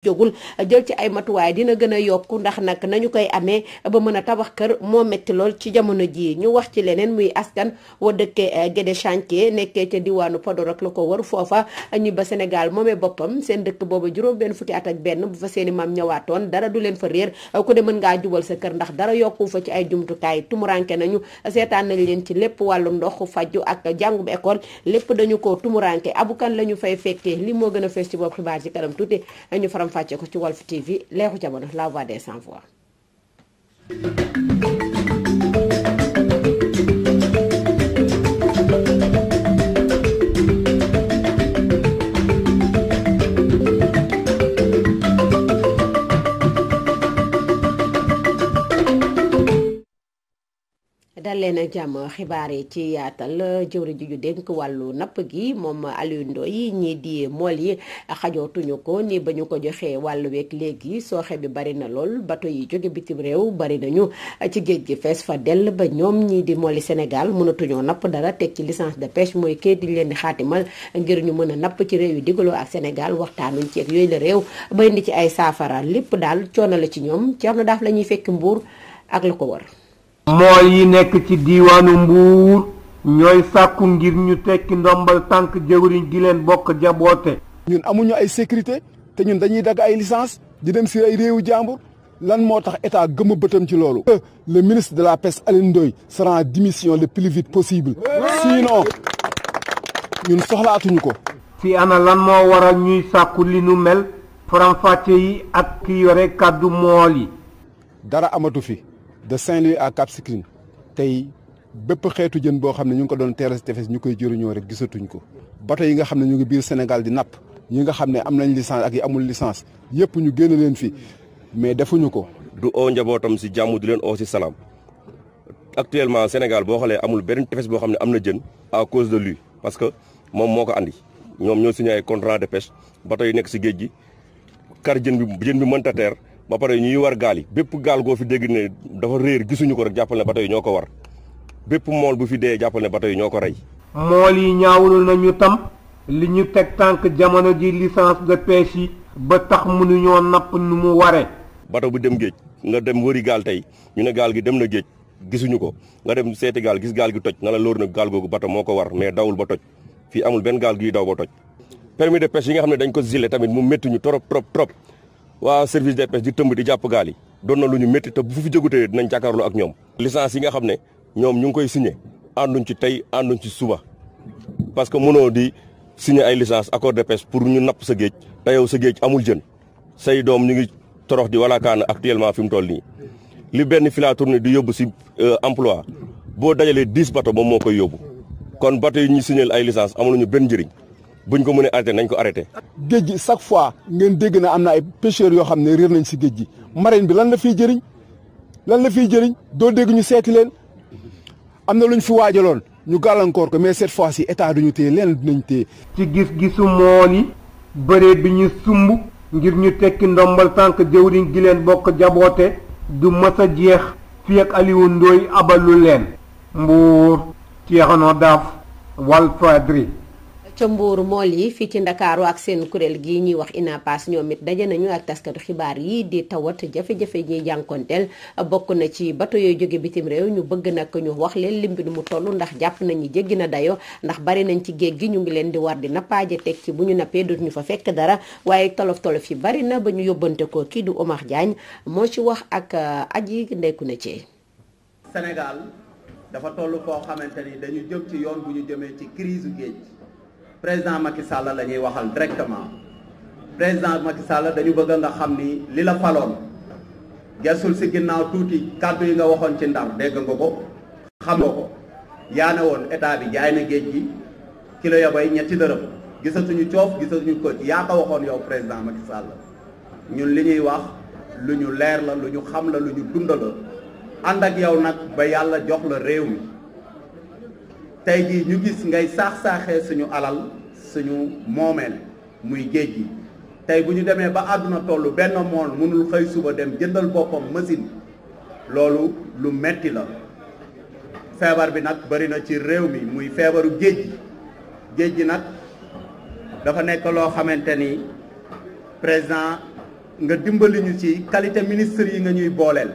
jógul jël ci ay matuwaay dina gën a yokku ndax nag nañu koy amee ba mën a tabax kër moo metti lool ci jamono jii ñu wax ci leneen muy askan wa dëkkee eh, Guédé Chantier nekkee ca diwaanu Podor ak la ko war foofa ñu ba Sénégal moomee boppam seen dëkk booba juróom benn fukki at ak benn bu fa seeni maam ñëwaatoon dara du leen fa réer ku de mën ngaa jubal sa kër ndax dara yokku fa ci ay jumtukaay tumuranke nañu seetaan nañ leen ci lépp wàllu ndox faju ak jàngum école lépp dañu ko tumuranke abukan la ñu fay fekkee li moo gën a fees ci bopp xibaar ci kanam tuuti faram fàccee ko ci Walf TV leexu jamono la voix des sans voix dal leen ak jàmm xibaar yi ci yaatal jëwri ji ju dénk wàllu napp gi moom Aliou Ndoye ñii di mool yi xajootuñu ko nii ba ñu ko joxee wàllu week léegi sooxe bi bari na lool bato yi jóge bitim réew bari ñu ci géej gi fees fa dell ba ñoom ñii di mooli Sénégal mënatuñoo napp dara teg ci licence de pêche mooy kayit yi leen di xaatimal ngir ñu mën a napp ci réew yi digaloo ak Sénégal waxtaanuñ ci ak yooyu la réew ba indi ci ay saafara lépp daal coono la ci ñoom Thierno Daaf la ñuy fekk mbuur ak la ko war mool yi nekk ci diiwaanu mbuur ñooy sàkku ngir ñu tekki ndombal tànk jëwriñ gi leen bokk jaboote ñun amuñu ay sécurité te ñun dañuy dagg ay licence di dem si ay réewu jàmbur lan moo tax état gëmm bëtam ci loolu euh, le ministre de la pêche Alioune Ndoye sera en démission le plus vite possible sinon ñun soxlaatuñu ko ci ana lan moo waral ñuy sàkku li nu mel faramfàcce yi ak ki yore kàddu mool yi dara amatu fi de Saint-Louis à Cap Skirring tey bépp xeetu jën boo xam ne ñu ngi ko doon teeral si tefes ñu koy jëriñoo rek gisatuñ ko bato yi nga xam ne ñu ngi biir Sénégal di napp ñi nga xam ne am nañ licence ak yi amul licence yëpp ñu génn leen fi mais defuñu ko. du oo njabootam si jàmm di leen oo si salaam actuellement Sénégal boo xoolee amul benn tefes boo xam ne am na jën a cause de lui parce que moom moo ko andi ñoom ñoo signé ay contrat de pêche bato yi nekk si géej gi kar jën bi jën bi mënta teer ba pare ñuy war gaal yi bépp gaal goo fi dégg ne dafa réer gisuñu ko rek jàppal ne bato yi ñoo ko war bépp mool bu fi dee jàppal ne bato yi ñoo ko rey. mool yi ñaawlu nañu tam li ñu teg tànk jamono ji licence de pêche yi ba tax mënuñoo napp nu mu waree. bato bu dem géej nga dem wëri gaal tey ñu ne gaal gi dem na géej gisuñu ko nga dem seeti gaal gis gaal gi toj na la lóor na gaal googu bato moo ko war mais dawul ba toj fii amul benn gaal giy daw ba toj. permis de yi nga xam ne dañ ko zile tamit mu métti ñu trop trop waa service des pêches di di jàpp gaal yi doon na lu ñu métti te bu fi jógutee dinañ jàkkaarloo ak ñoom. licence yi nga xam ne ñoom ñu ngi koy signé ànduñ ci tey ànduñ ci suba parce que mënoo di signé ay licence accord de pêche pour ñu napp sa géej te yow sa géej amul jën say doom ñu ngi torox di walaakaan actuellement fi mu toll nii li benn filet tourné di yóbbu si euh, emploi boo dajalee dix bateaux moom moo koy yóbbu kon bateaux yi ñuy signé ay licence amul ñu benn njëriñ. buñ ko mënee arrêté nañ ko arrêté. géej gi chaque fois ngeen dégg na am na ay pêcheurs yoo xam ne réer nañ si géej gi marin bi lan la fiy jëriñ lan la fiy jëriñ doo dégg ñu seeti leen am na luñ fi waajaloon ñu gàllankoor ko mais cette fois ci état duñu téye leen dinañ téye. ci gis-gisu moon yi bëree bi ñu sumb ngir ñu tekki ndombal tànk jëwriñ gi leen bokk jaboote du mës a jeex fii ak Aliou Ndoye abalu leen. Mbour Thierno Daaf Walfadjri ca Mbuur mool yi fii ci Ndakaaru ak seen kuréel gi ñuy wax INAPAS ñoom it daje nañu ak taskatu xibaar yi di tawat jafe-jafe ñuy jànkonteel bokk na ci bato yooyu jóge bitim réew ñu bëgg nag ñu wax leen lim mu toll ndax jàpp nañu jéggi na dayo ndax bari nañ ci géej gi ñu ngi leen di war di nappaaje teg ci bu ñu nappee dootu ñu fa fekk dara waaye tolof-tolof yi bari na ba ñu yóbbante ko kii du Omar Diagne moo ci wax ak yi uh, ndekku na ci Sénégal président Macky Sall la ñuy waxal directement président Macky Sall dañu bëgg nga xam ni li la faloon gesul si ginnaaw tuuti kàddu yi nga waxoon ci ndar dégg nga ko xam nga ko yaa ne woon état bi jaay na géej gi kilo ya yabay ñetti dërëm gisatuñu coof gisatuñu ko yaa ko waxoon yow président Macky Sall ñun li ñuy wax lu ñu leer la lu ñu xam la lu ñu dund ànd ak yow nag ba yàlla jox la réew mi tey jii ñu gis ngay saax-saaxee suñu alal suñu moomeel muy géej gi tey bu ñu demee ba àdduna tollu benn mool mënul xëy suba dem jëndal boppam machine loolu lu metti la feebar bi nag bari na ci réew mi muy feebaru géej gi géej gi nag dafa nekk loo xamante ni président nga dimbali ñu ci qualité ministre yi nga ñuy booleel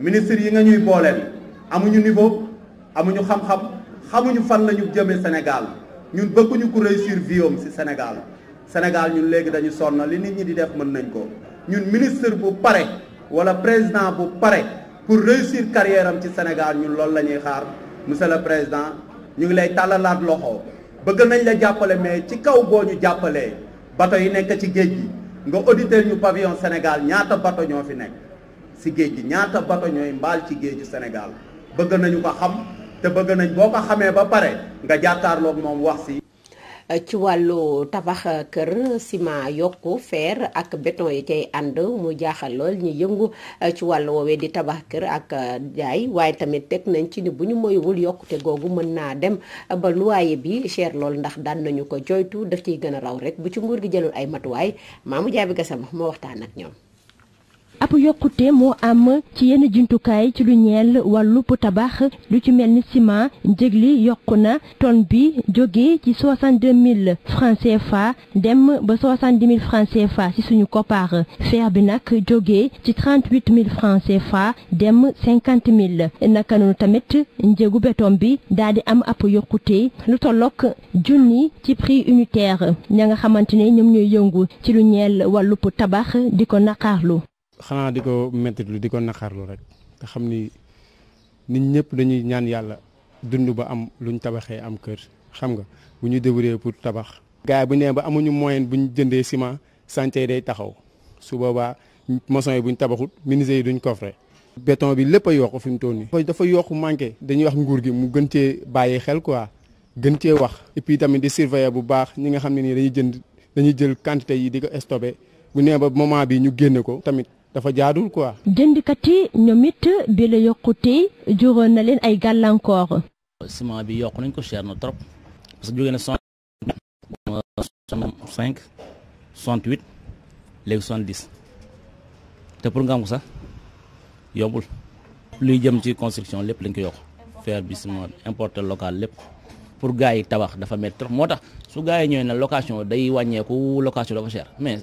ministre yi nga ñuy booleel amuñu niveau amuñu xam-xam xamuñu fan la ñu jëmee Sénégal ñun bëgguñu ku réussir vie ci Sénégal Sénégal ñun léegi dañu sonn li nit ñi di def mën nañ ko ñun ministre bu pare walla président bu pare pour réussir carrière am ci Sénégal ñun loolu la ñuy xaar monsieur le président ñu ngi lay tàllalaat loxo bëgg nañ la jàppale mais ci kaw boo ñu jàppalee bato yi nekk ci géej gi nga auditer ñu pavillon Sénégal ñaata bato ñoo fi nekk ci géej gi ñaata bato ñooy mbaal ci géeju Sénégal bëgg nañu ko xam. te bëgg nañ boo ko xamee ba pare nga jàkkaarloog moom wax si. ci wàllu tabax kër ciment yokku feer ak béton yi cay ànd mu jaaxal lool ñu yëngu eh, ci wàllu woowee di tabax kër ak eh, jaay waaye tamit teg nañ ci ni bu ñu moywul yokkute googu mën naa dem eh, ba luwaaye bi cher lool ndax daan nañu ko jooytu daf ciy gën a raw rek bu ci nguur gi jëlul ay matuwaay maamu jaabi gasam moo waxtaan ak ñoom. ab yokkute moo am ci yenn jumtukaay ci lu ñeel wàllub tabax lu ci mel ni ciment njëg li yokku na tonne bi jóge ci 62 000 francs CFA dem ba 70 000 francs CFA ci suñu koppar fer bi nag jóge ci 38 000 francs CFA dem 50 000 naka noonu tamit njëgu béton bi daal di am ab yokkute lu tollook junni ci prix unitaire ña nga xamante ne ñoom ñooy yëngu ci lu ñeel wàllub tabax di ko naqaarlu xanaa di ko mettitlu di ko naqarlu rek xam ni nit ñëpp dañuy ñaan yàlla dund ba am luñ tabaxee am kër xam nga bu ñu débrouiller pour tabax. gars yi bu ñu ba amuñu moyen buñ ñu jëndee ciment chantier day taxaw su boobaa maçon yi bu ñu tabaxut menuisier yi duñ coffrer. beton bi lépp a yokk fi mu toll nii. dafa yokk manqué. dañuy wax nguur gi mu gën cee bàyyi xel quoi gën cee wax. et puis tamit di surveiller bu baax ñi nga xam ne nii dañuy jënd dañuy jël quantité yi di ko stocké bu nee bi ñu génne ko tamit. dafa jaadul quoi. jëndkat yi ñoom it bi la yokkute juróon na leen ay gàllankoor. ciment bi yokk nañ ko cher na trop parce que jóge na cent cinq soixante huit léegi soixante dix te pour ngam ko sax yombul. luy jëm ci construction lépp lañ ko yokk fer bi ciment importer local lépp pour gars yi tabax dafa métti trop moo tax su gars yi ñëwee na location day wàññeeku location dafa cher mais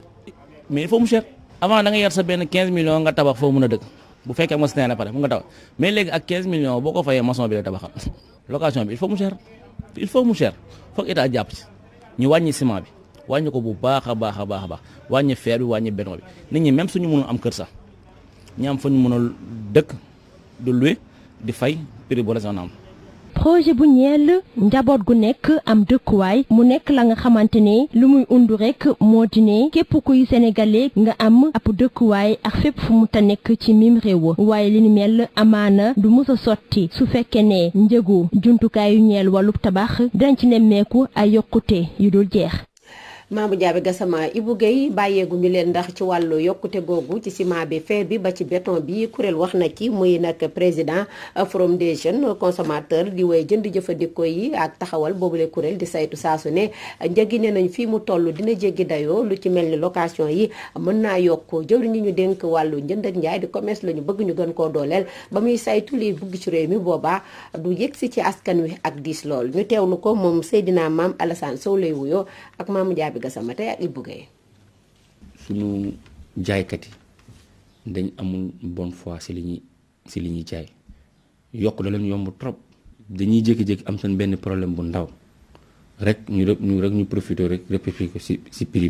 mais il mu cher. avant da nga yor benn 15 millions nga tabax foo mun a dëkk bu fekkee mos na pare mu nga tabax mais léegi ak 15 millions boo ko fayee maçon bi la tabaxam location bi il faut mu il faut mu cher foog état jàpp ci ñu wàññi ciment bi wàññi ko bu baax a baax a baax a baax wàññi fer bi wàññi béton bi nit ñi même suñu mënul am kër sax ñu am fa ñu mën a dëkk du louer di fay prix bu raisonnable projet bu ñeel njaboot gu nekk am dëkkuwaay mu nekk la nga xamante ne lu muy und rek moo di ne képp kuy sénégalais nga am ab dëkkuwaay ak fépp fu mu ta nekk ci miim réew waaye li ni mel amaana du mës a sotti su fekkee ne njëgu jumtukaayu ñeel walu tabax dinañ ci nemmeeku ay yokkute yu dul jeex Mamou Diaby Gassama Ibou Guèye bàyyeeguñu leen ndax ci wàllu yokkute googu ci ciment bi fer bi ba ci beton bi kuréel wax na ci muy nag président forum des jeunes consommateurs di woy jënd jëfandikoo yi ak taxawal boobule kuréel di saytu saa su ne njëgi ne nañ fii mu toll dina jéggi dayoo lu ci mel ni location yi mën naa yokk jër ñi ñu dénk wàllu njënd ak njaay di commerce la ñu bëgg ñu gën koo dooleel ba muy saytu liy bugg ci réew mi booba du yëgsi ci askan wi ak diis lool ñu teewlu ko moom Seydina Maam Alassane Sow lay wuyoo ak Mamou Gassama tey ak Ibou Guèye jaaykat yi dañ amul bon foi si li ñuy si li ñuy jaay yokk da leen yomb trop dañuy jékki-jékki am seen benn problème bu ndaw rek ñu ñu rek ñu profité rek répercuté ko si si bi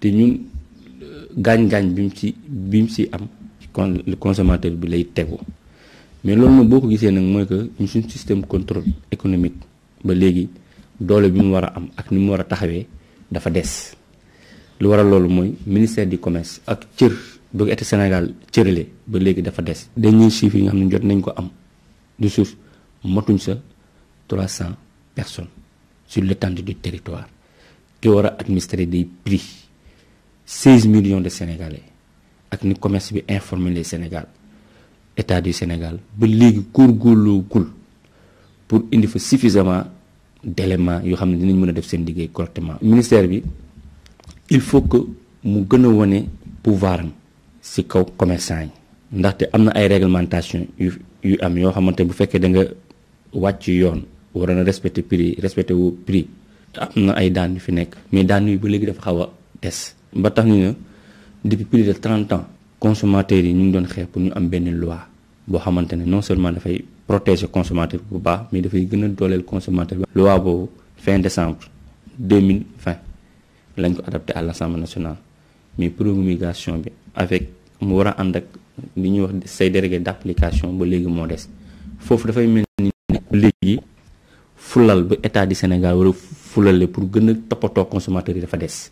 te ñun euh, gaañ-gaañ bi mu si bi mu si am kon consommateur bi lay tegu mais loolu moom boo ko gisee nag mooy que ñu suñ système contrôle économique ba léegi doole bi mu war a am ak ni mu war a taxawee dafa des lu waral loolu mooy ministère du commerce ak cër bu état Sénégal cërale ba léegi dafa des. dañuy chiffres yi nga xam ne jot nañ ko am du suuf matuñ sa trois cent personnes sur l'étendue du territoire ki war a administrer des prix million de sénégalais ak ni commerce bi informé les Sénégal état du Sénégal ba léegi góorgóorloo gul pour indi fa suffisamment. d'éléments yoo xam ne dinañ mën a def seen liggéey correctement ministère bi il faut que mu gën a wane pouvoir am si kaw commerçant yi ndaxte am na ay réglementation yu am yoo xamante bu fekkee da nga wàcc yoon war na respecter prix respecter wu prix am na ay daan yu fi nekk mais daan yu ba léegi dafa xaw a des ba tax ñu ne depuis plus de trente ans consommateurs yi ñu ngi doon xeex pour ñu am benn loi boo xamante ne non seulement dafay protéger consommateur bu baax mais dafay gën a dooleel consommateur bi. loi boobu fin décembre 2020 lañ ko adapté à l' assemblée nationale mais promulgation bi avec mu war a ànd ak li ñuy wax say délégué d' application ba léegi moo des foofu dafay mel ni léegi fulal ba état du Sénégal war a fulale pour gën a toppatoo consommateur yi dafa des.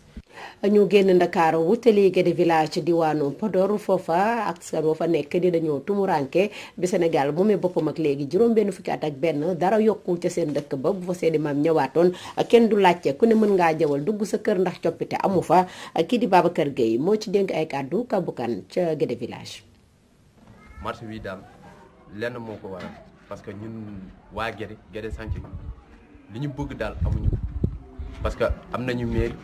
ñu génn ndakaaru wutali Guédé village diwaanu Podor foofa askan wa fa nekk di dañoo tumuraanke bi Sénégal moomee boppam ak léegi juróom benn fukki at ak benn dara yokku ca seen dëkk ba bu fa seeni maam ñëwaatoon kenn du laajte ku ne mën ngaa jawal dugg sa kër coppite amu fa kii di Babacar Gueye moo ci dénk ay kàddu kabukan ca Guédé village daal lenn moo ko waral parce que ñun waa Guédé Guédé Santhie li ñu bëgg daal amuñu parce que am nañu mairie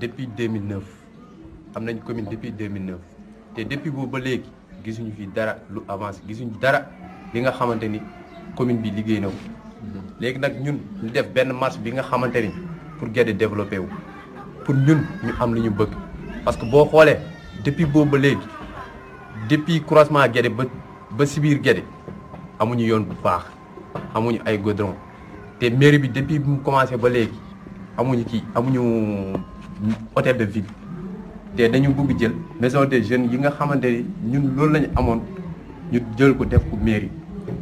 depuis 2009 am nañ commune depuis 2009 te depuis boobu ba léegi gisuñu fi dara lu avancé gisuñu dara li nga xamante ni commune bi liggéey naw léegi nag ñun ñu def benn marche bi nga xamante ni pour Guédé développé wu pour ñun ñu am lu ñu bëgg parce que boo xoolee depuis boobu ba léegi depuis croisement Guédé ba ba si biir Guédé amuñu yoon bu baax amuñu ay goudron te mairie bi depuis mu commencé ba léegi amuñu kii amuñu hôtel de ville te dañu bëgg jël maison des jeunes yi nga xamante ni ñun loolu lañu amoon ñu jël ko def ko mairie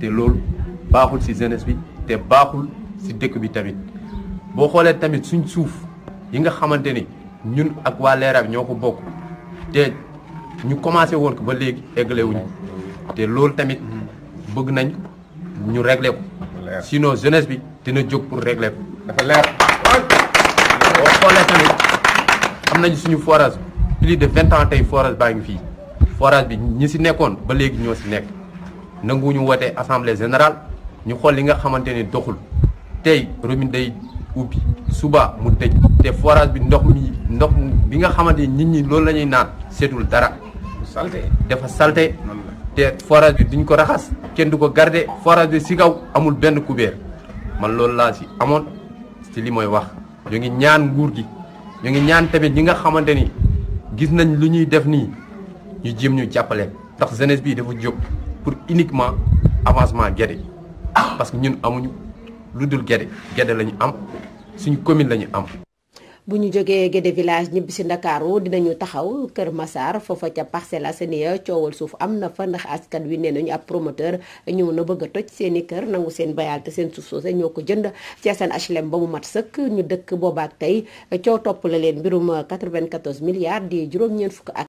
te loolu baaxul si jeunesse bi te baaxul si dëkk bi tamit boo xoolee tamit suñ suuf yi nga xamante ni ñun ak waa Leera ñoo ko bokk te ñu commencé woon ko ba léegi eggale wuñu te loolu tamit bëgg nañ ñu régler ko sinon jeunesse bi dina jóg pour régler ko boo xoolee tamit am nañ suñu forage plus de vingt ans tey forage baa ngi fii forage bi ñi si nekkoon ba léegi ñoo ci nekk ñu woote assemblée générale ñu xool li nga xamante ne doxul tey robinet day ubbi suba mu tëj te forage bi ndox mi ndox bi nga xamante ni nit ñi loolu la ñuy naan seetul dara. salte dafa salte te forage bi duñ ko raxas kenn du ko garder forage bi si kaw amul benn kubéer man loolu laa si amoon ci li mooy wax ñu ngi ñaan nguur gi. ñu ngi ñaan tamit ñi nga xamante ni gis nañ lu ñuy def nii ñu jéem ñu jàppale ndax jeunesse bi dafa jóg pour uniquement avancement Guédé parce que ñun amuñu lu dul Guédé Guédé la ñu am suñ commune la ñu am bu ñu jógee Guédé village ñibbi si Ndakaaru dinañu taxaw Kër Massar foofa ca seen Assainies coowal suuf am na fa ndax askan wi nee nañu ab promoteur ñëw na bëgg a toj seeni kër nangu seen bayaal te seen suuf soose ñoo ko jënd ci seen HLM ba mu mat sëkk ñu dëkk boobaak tey coow topp la leen mbirum 94 milliards di juróom-ñeent fukk ak